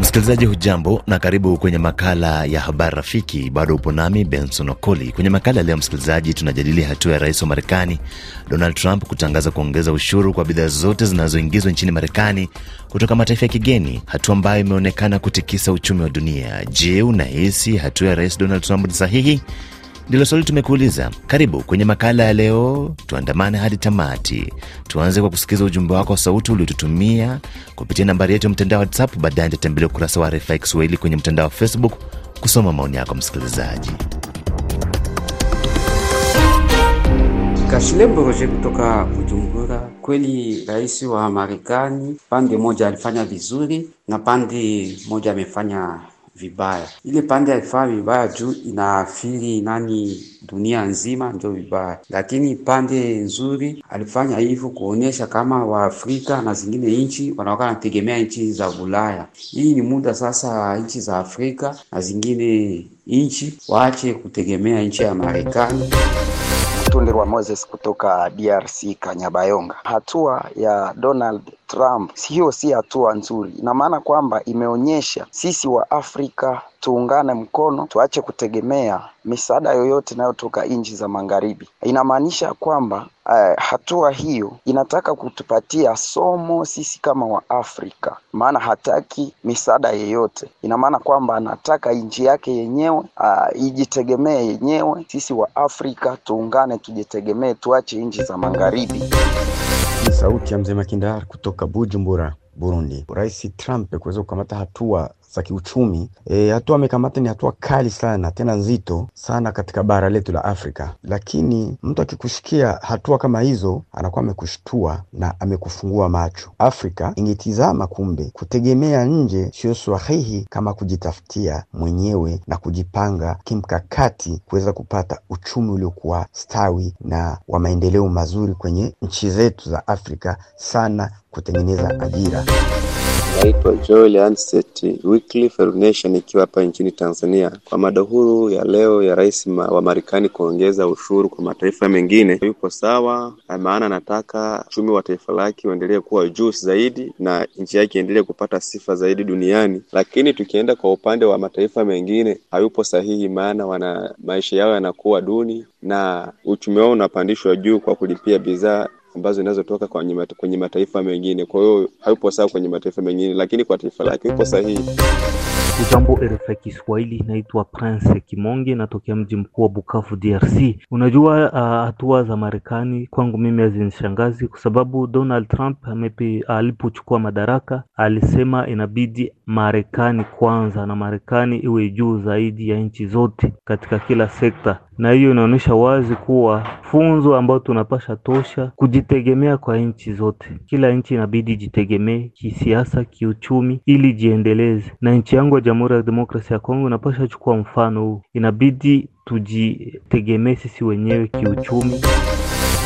Msikilizaji hujambo na karibu kwenye makala ya habari rafiki. Bado upo nami Benson Okoli. Kwenye makala leo, msikilizaji, tunajadili hatua ya rais wa Marekani Donald Trump kutangaza kuongeza ushuru kwa bidhaa zote zinazoingizwa nchini Marekani kutoka mataifa ya kigeni, hatua ambayo imeonekana kutikisa uchumi wa dunia. Je, unahisi hatua ya rais Donald Trump ni sahihi? ndilo swali tumekuuliza. Karibu kwenye makala ya leo, tuandamane hadi tamati. Tuanze kwa kusikiza ujumbe wako wa sauti uliotutumia kupitia nambari yetu ya mtandao wa WhatsApp. Baadaye nitatembelea ukurasa wa RFI Kiswahili kwenye mtandao wa Facebook kusoma maoni yako, msikilizaji. Kashilebo Roje kutoka Bujumbura. Kweli rais wa Marekani pande moja alifanya vizuri na pande moja amefanya vibaya. Ile pande ya vibaya juu inaathiri nani, dunia nzima, ndio vibaya, lakini pande nzuri alifanya hivyo kuonyesha kama Waafrika na zingine nchi wanawaka nategemea nchi za Ulaya. Hii ni muda sasa nchi za Afrika na zingine nchi waache kutegemea nchi ya Marekani. Tundirwa Moses kutoka DRC Kanyabayonga. Hatua ya Donald Trump, hiyo si hatua nzuri. Ina maana kwamba imeonyesha sisi wa Afrika tuungane mkono, tuache kutegemea misaada yoyote inayotoka nchi za magharibi. Inamaanisha kwamba uh, hatua hiyo inataka kutupatia somo sisi kama Waafrika, maana hataki misaada yeyote. Ina maana kwamba anataka nchi yake yenyewe uh, ijitegemee yenyewe. Sisi Waafrika tuungane, tujitegemee, tuache nchi za magharibi. Ni sauti ya mzee Makindar kutoka Bujumbura, Burundi. Rais Trump kuweza kukamata hatua za kiuchumi. E, hatua amekamata ni hatua kali sana tena nzito sana katika bara letu la Afrika, lakini mtu akikushikia hatua kama hizo anakuwa amekushtua na amekufungua macho. Afrika ingetizama kumbe kutegemea nje sio swahihi kama kujitafutia mwenyewe na kujipanga kimkakati kuweza kupata uchumi uliokuwa stawi na wa maendeleo mazuri kwenye nchi zetu za Afrika sana kutengeneza ajira naitwa Joel Anset Wycliffe Nation, ikiwa hapa nchini Tanzania. Kwa mada huru ya leo ya rais ma, wa Marekani kuongeza ushuru kwa mataifa mengine, yupo sawa, maana anataka uchumi wa taifa lake uendelee kuwa juu zaidi na nchi yake iendelee kupata sifa zaidi duniani. Lakini tukienda kwa upande wa mataifa mengine, hayupo sahihi, maana wana maisha yao yanakuwa duni na uchumi wao unapandishwa juu kwa kulipia bidhaa ambazo zinazotoka kwenye, kwenye mataifa mengine. Kwa hiyo hayupo sawa kwenye mataifa mengine, lakini kwa taifa lake yupo sahihi. Ujambo RFI Kiswahili, inaitwa Prince Kimonge, natokea mji mkuu wa Bukavu, DRC. Unajua uh, hatua uh, za Marekani kwangu mimi hazinishangazi kwa sababu Donald Trump alipochukua madaraka alisema inabidi Marekani kwanza na Marekani iwe juu zaidi ya nchi zote katika kila sekta na hiyo inaonyesha wazi kuwa funzo ambayo tunapasha tosha kujitegemea kwa nchi zote. Kila nchi inabidi jitegemee kisiasa, kiuchumi ili jiendeleze, na nchi yangu ya Jamhuri ya Demokrasia ya Kongo inapasha chukua mfano huu. Inabidi tujitegemee sisi wenyewe kiuchumi.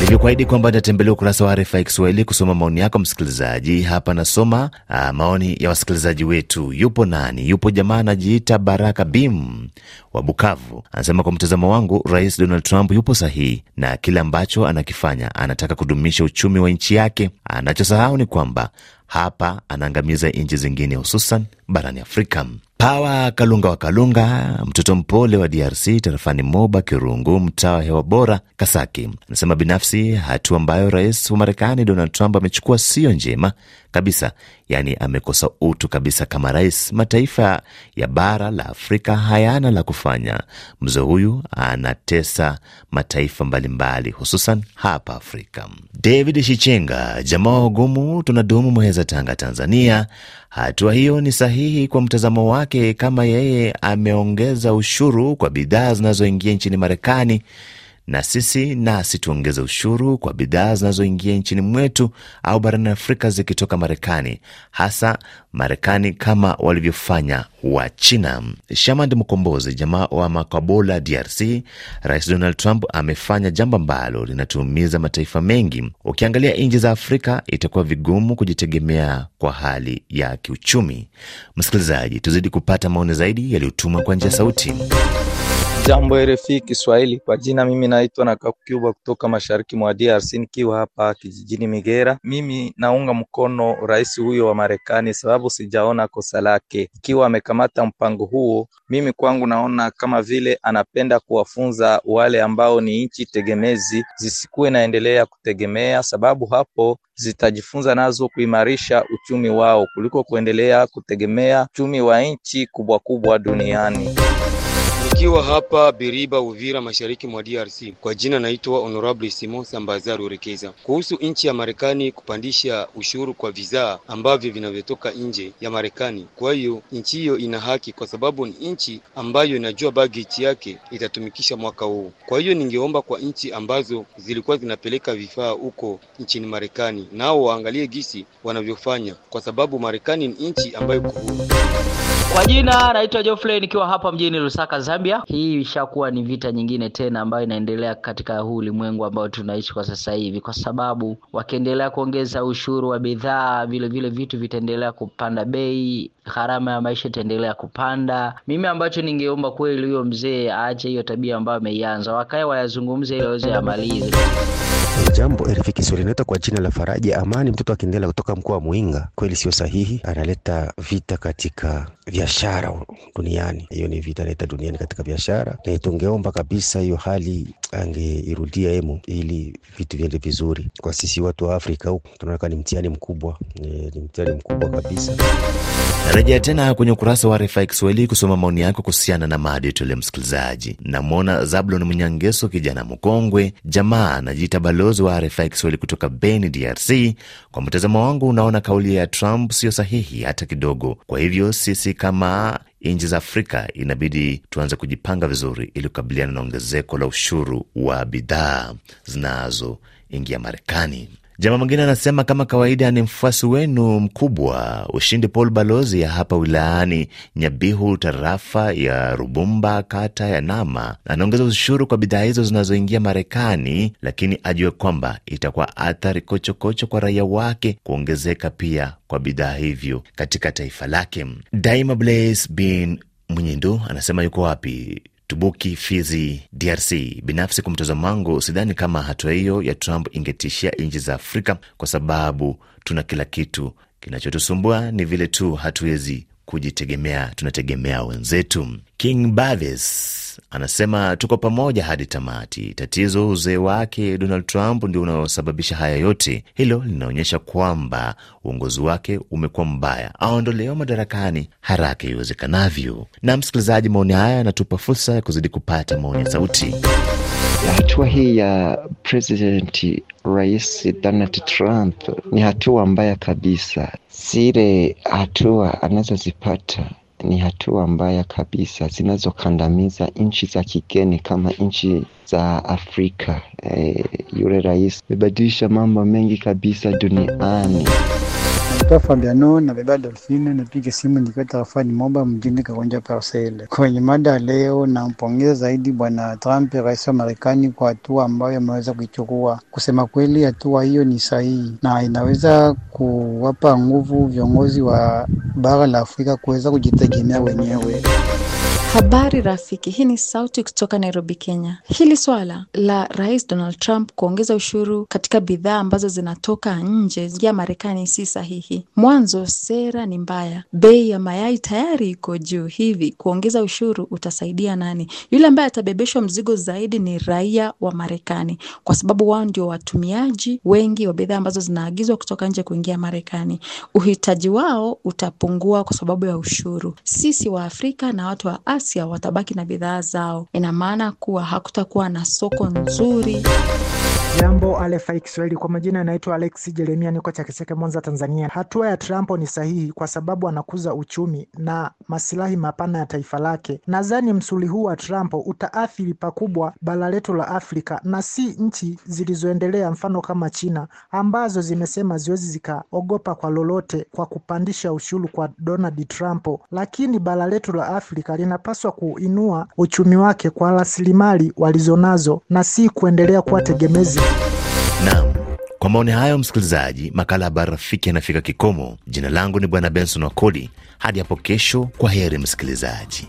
Nilikuahidi kwamba nitatembelea ukurasa wa RFI Kiswahili kusoma maoni yako msikilizaji. Hapa nasoma uh, maoni ya wasikilizaji wetu. Yupo nani? Yupo jamaa anajiita Baraka Bim wa Bukavu, anasema kwa mtazamo wangu, Rais Donald Trump yupo sahihi na kile ambacho anakifanya, anataka kudumisha uchumi wa nchi yake. Anachosahau ni kwamba hapa anaangamiza nchi zingine, hususan barani Afrika. Pawa Kalunga wa Kalunga, mtoto mpole wa DRC tarafani Moba Kirungu, mtaa wa hewa bora Kasaki, anasema binafsi hatua ambayo rais wa Marekani Donald Trump amechukua siyo njema kabisa, yaani amekosa utu kabisa kama rais. Mataifa ya bara la Afrika hayana la kufanya. Mzee huyu anatesa mataifa mbalimbali, hususan hapa Afrika. David Shichenga, jamaa ugumu tunadumu Mweza, Tanga, Tanzania, Hatua hiyo ni sahihi kwa mtazamo wake, kama yeye ameongeza ushuru kwa bidhaa zinazoingia nchini Marekani na sisi nasi tuongeze ushuru kwa bidhaa zinazoingia nchini mwetu au barani Afrika zikitoka Marekani, hasa Marekani kama walivyofanya wa China. Shamand Mkombozi, jamaa wa Makabola, DRC. Rais Donald Trump amefanya jambo ambalo linatuumiza mataifa mengi. Ukiangalia nchi za Afrika, itakuwa vigumu kujitegemea kwa hali ya kiuchumi. Msikilizaji, tuzidi kupata maoni zaidi yaliyotumwa kwa njia sauti. Jambo RFI Kiswahili, kwa jina mimi naitwa na Kakuba kutoka mashariki mwa DRC nikiwa hapa kijijini Migera. Mimi naunga mkono rais huyo wa Marekani sababu sijaona kosa lake ikiwa amekamata mpango huo. Mimi kwangu naona kama vile anapenda kuwafunza wale ambao ni nchi tegemezi zisikuwe naendelea kutegemea, sababu hapo zitajifunza nazo kuimarisha uchumi wao kuliko kuendelea kutegemea uchumi wa nchi kubwa kubwa duniani. Nikiwa hapa biriba Uvira, mashariki mwa DRC. Kwa jina naitwa Honorable Simon Sambazaru Rekeza. Kuhusu nchi ya Marekani kupandisha ushuru kwa vizaa ambavyo vinavyotoka nje ya Marekani, kwa hiyo nchi hiyo ina haki, kwa sababu ni nchi ambayo inajua bageti yake itatumikisha mwaka huu. Kwa hiyo ningeomba kwa nchi ambazo zilikuwa zinapeleka vifaa huko nchini Marekani, nao waangalie gisi wanavyofanya, kwa sababu Marekani ni nchi ambayo kuhuru kwa jina naitwa Geoffrey nikiwa hapa mjini Lusaka, Zambia. Hii ishakuwa ni vita nyingine tena ambayo inaendelea katika huu ulimwengu ambao tunaishi kwa sasa hivi, kwa sababu wakiendelea kuongeza ushuru wa bidhaa, vile vile vitu vitaendelea kupanda bei, gharama ya maisha itaendelea kupanda. Mimi ambacho ningeomba kweli, huyo mzee aache hiyo tabia ambayo ameianza, wakae wayazungumze ili waweze amalize. Jambo RFI Kiswahili inaitwa kwa jina la Faraja Amani, mtoto wa Kindela kutoka mkoa wa Muinga. Kweli sio sahihi, analeta vita katika biashara duniani. Hiyo ni vita analeta duniani katika biashara, na tungeomba kabisa hiyo hali angeirudia emu, ili vitu viende vizuri kwa sisi watu wa Afrika. Huku tunaona ni mtihani mkubwa, ni mtihani mkubwa kabisa. Rejea tena kwenye ukurasa wa RFI Kiswahili kusoma maoni yako kuhusiana na mada yetu ya msikilizaji. Namwona Zablon Mnyangeso, kijana mkongwe, jamaa anajiita balo balozi wa RFI Kiswahili kutoka Beni, DRC. Kwa mtazamo wangu, unaona kauli ya Trump siyo sahihi hata kidogo. Kwa hivyo sisi kama nchi za Afrika inabidi tuanze kujipanga vizuri ili kukabiliana na ongezeko la ushuru wa bidhaa zinazoingia Marekani. Jamaa mwingine anasema kama kawaida ni mfuasi wenu mkubwa Ushindi Paul balozi ya hapa wilayani Nyabihu, tarafa ya Rubumba, kata ya Nama. Anaongeza ushuru kwa bidhaa hizo zinazoingia Marekani, lakini ajue kwamba itakuwa athari kochokocho kwa raia wake kuongezeka pia kwa bidhaa hivyo katika taifa lake. Daima Blaise bin anasema yuko wapi Tubuki, Fizi, DRC. Binafsi, kwa mtazamo wangu, sidhani kama hatua hiyo ya Trump ingetishia nchi za Afrika kwa sababu tuna kila kitu. Kinachotusumbua ni vile tu hatuwezi kujitegemea, tunategemea wenzetu. King Bavis anasema tuko pamoja hadi tamati. Tatizo uzee wake Donald Trump ndio unaosababisha haya yote. Hilo linaonyesha kwamba uongozi wake umekuwa mbaya, aondolewa madarakani haraka iwezekanavyo. Na msikilizaji, maoni haya yanatupa fursa ya kuzidi kupata maoni ya sauti Hatua hii ya president Rais Donald Trump ni hatua mbaya kabisa. Zile hatua anazozipata ni hatua mbaya kabisa zinazokandamiza nchi za kigeni kama nchi za Afrika. E, yule rais amebadilisha mambo mengi kabisa duniani. Naitwa Fabiano na beba Dolfine, napiga simu nikiwa tarafani Moba mjini Kagonja Parcel. Kwenye mada leo, nampongeza zaidi Bwana Trump, rais wa Marekani, kwa hatua ambayo ameweza kuichukua. Kusema kweli, hatua hiyo ni sahihi na inaweza kuwapa nguvu viongozi wa bara la Afrika kuweza kujitegemea wenyewe. Habari rafiki, hii ni sauti kutoka Nairobi, Kenya. Hili swala la Rais Donald Trump kuongeza ushuru katika bidhaa ambazo zinatoka nje ya Marekani si sahihi zaidi. Mwanzo sera ni mbaya, bei ya mayai tayari iko juu, hivi kuongeza ushuru utasaidia nani? Yule ambaye atabebeshwa mzigo zaidi ni raia wa Marekani, kwa sababu wao ndio watumiaji wengi wa bidhaa ambazo zinaagizwa kutoka nje kuingia Marekani. Uhitaji wao utapungua kwa sababu ya ushuru. Sisi wa Afrika na watu wa Asia watabaki na bidhaa zao. Ina maana kuwa hakutakuwa na soko nzuri. Jambo RFI Kiswahili, kwa majina yanaitwa Alex Jeremia, niko Chakecheke, Mwanza, Tanzania. Hatua ya Trump ni sahihi kwa sababu anakuza uchumi na masilahi mapana ya taifa lake. Nadhani msuli huu wa Trump utaathiri pakubwa bara letu la Afrika na si nchi zilizoendelea, mfano kama China ambazo zimesema ziwezi zikaogopa kwa lolote kwa kupandisha ushuru kwa Donald Trump, lakini bara letu la Afrika linapaswa kuinua uchumi wake kwa rasilimali walizonazo na si kuendelea kuwa tegemezi. Naam, kwa maoni hayo, msikilizaji, makala ya Habari Rafiki yanafika kikomo. Jina langu ni Bwana Benson Wakoli. Hadi hapo kesho, kwa heri msikilizaji.